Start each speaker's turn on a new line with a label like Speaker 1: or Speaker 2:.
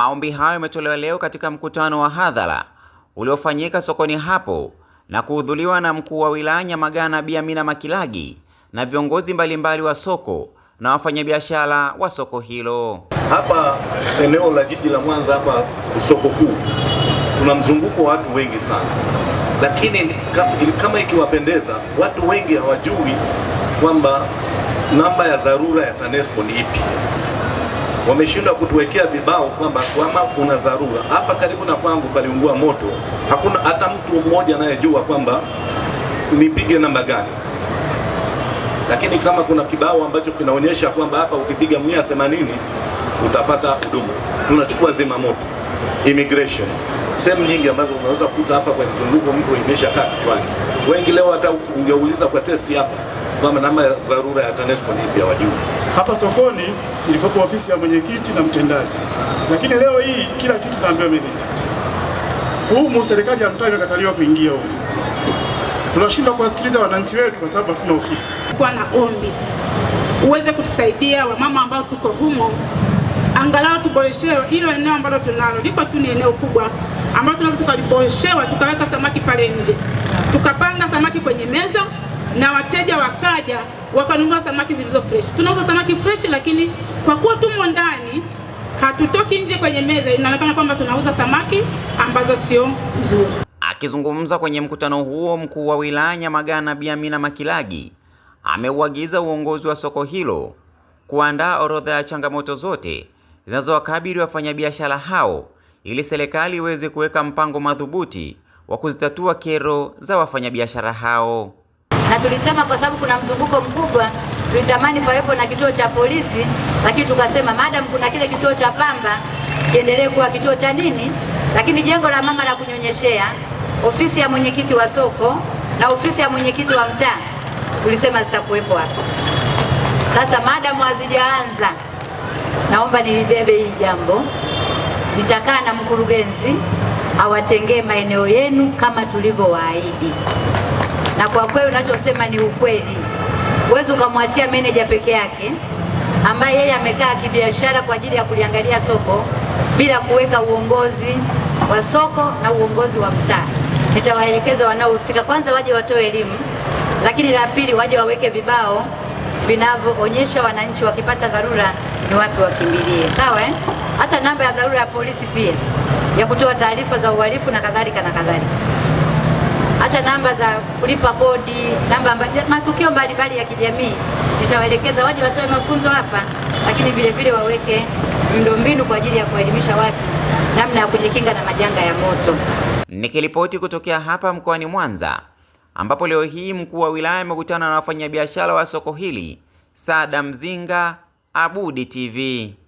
Speaker 1: Maombi hayo yametolewa leo katika mkutano wa hadhara uliofanyika sokoni hapo na kuhudhuriwa na mkuu wa wilaya Nyamagana Bi Amina Makilagi na viongozi mbalimbali wa soko na wafanyabiashara wa soko hilo.
Speaker 2: Hapa eneo la jiji la Mwanza hapa soko kuu tuna mzunguko wa watu wengi sana, lakini kama ikiwapendeza watu wengi hawajui kwamba namba ya dharura ya TANESCO ni ipi wameshindwa kutuwekea vibao kwamba kama kuna dharura. Hapa karibu na kwangu paliungua moto, hakuna hata mtu mmoja anayejua kwamba nipige namba gani, lakini kama kuna kibao ambacho kinaonyesha kwamba hapa ukipiga mia themanini utapata huduma, tunachukua zima moto. Immigration, sehemu nyingi ambazo unaweza kukuta hapa kwa mzunguko mtu imesha imeshakaa kichwani. Wengi leo hata ungeuliza kwa testi hapa kwamba namba ya dharura ya TANESCO ni ipi, hawajui
Speaker 3: hapa sokoni ilikopo ofisi ya mwenyekiti na mtendaji, lakini leo hii kila kitu tunaambiwa meneja. Humu serikali ya mtaa imekataliwa kuingia humu, tunashindwa kuwasikiliza wananchi wetu kwa sababu hatuna ofisi.
Speaker 4: Kwa na ombi uweze kutusaidia wamama ambao tuko humo, angalau tuboreshewe hilo eneo ambalo tunalo, liko tu ni eneo kubwa ambalo tunaweza tukaliboreshewa, tukaweka samaki pale nje, tukapanga samaki kwenye meza na wateja wakaja wakanunua samaki zilizo fresh. Tunauza samaki fresh, lakini kwa kuwa tumo ndani hatutoki nje kwenye meza, inaonekana kwamba tunauza samaki ambazo sio nzuri.
Speaker 1: Akizungumza kwenye mkutano huo, mkuu wa wilaya Nyamagana Bi Amina Makilagi ameuagiza uongozi wa soko hilo kuandaa orodha ya changamoto zote zinazowakabili wafanyabiashara hao ili serikali iweze kuweka mpango madhubuti wa kuzitatua kero za wafanyabiashara hao
Speaker 5: na tulisema kwa sababu kuna mzunguko mkubwa, tulitamani pawepo na kituo cha polisi, lakini tukasema madam kuna kile kituo cha Pamba kiendelee kuwa kituo cha nini, lakini jengo la mama la kunyonyeshea, ofisi ya mwenyekiti wa soko na ofisi ya mwenyekiti wa mtaa tulisema zitakuwepo hapo. Sasa madamu hazijaanza, naomba nilibebe hili jambo, nitakaa na mkurugenzi awatengee maeneo yenu kama tulivyowaahidi na kwa kweli unachosema ni ukweli. Huwezi ukamwachia meneja peke yake ambaye yeye amekaa kibiashara kwa ajili ya kuliangalia soko bila kuweka uongozi wa soko na uongozi wa mtaa. Nitawaelekeza wanaohusika, kwanza waje watoe elimu, lakini la pili waje waweke vibao vinavyoonyesha wananchi wakipata dharura ni wapi wakimbilie. Sawa, eh? hata namba ya dharura ya polisi pia ya kutoa taarifa za uhalifu na kadhalika na kadhalika hata namba za kulipa kodi, namba matukio mbalimbali ya kijamii. Nitawaelekeza waje watoe mafunzo hapa, lakini vile vile waweke miundombinu kwa ajili ya kuelimisha watu namna ya kujikinga na majanga ya moto.
Speaker 1: Nikiripoti kutokea hapa mkoani Mwanza ambapo leo hii mkuu wa wilaya amekutana na wafanyabiashara wa soko hili. Sada Mzinga, Abudi TV.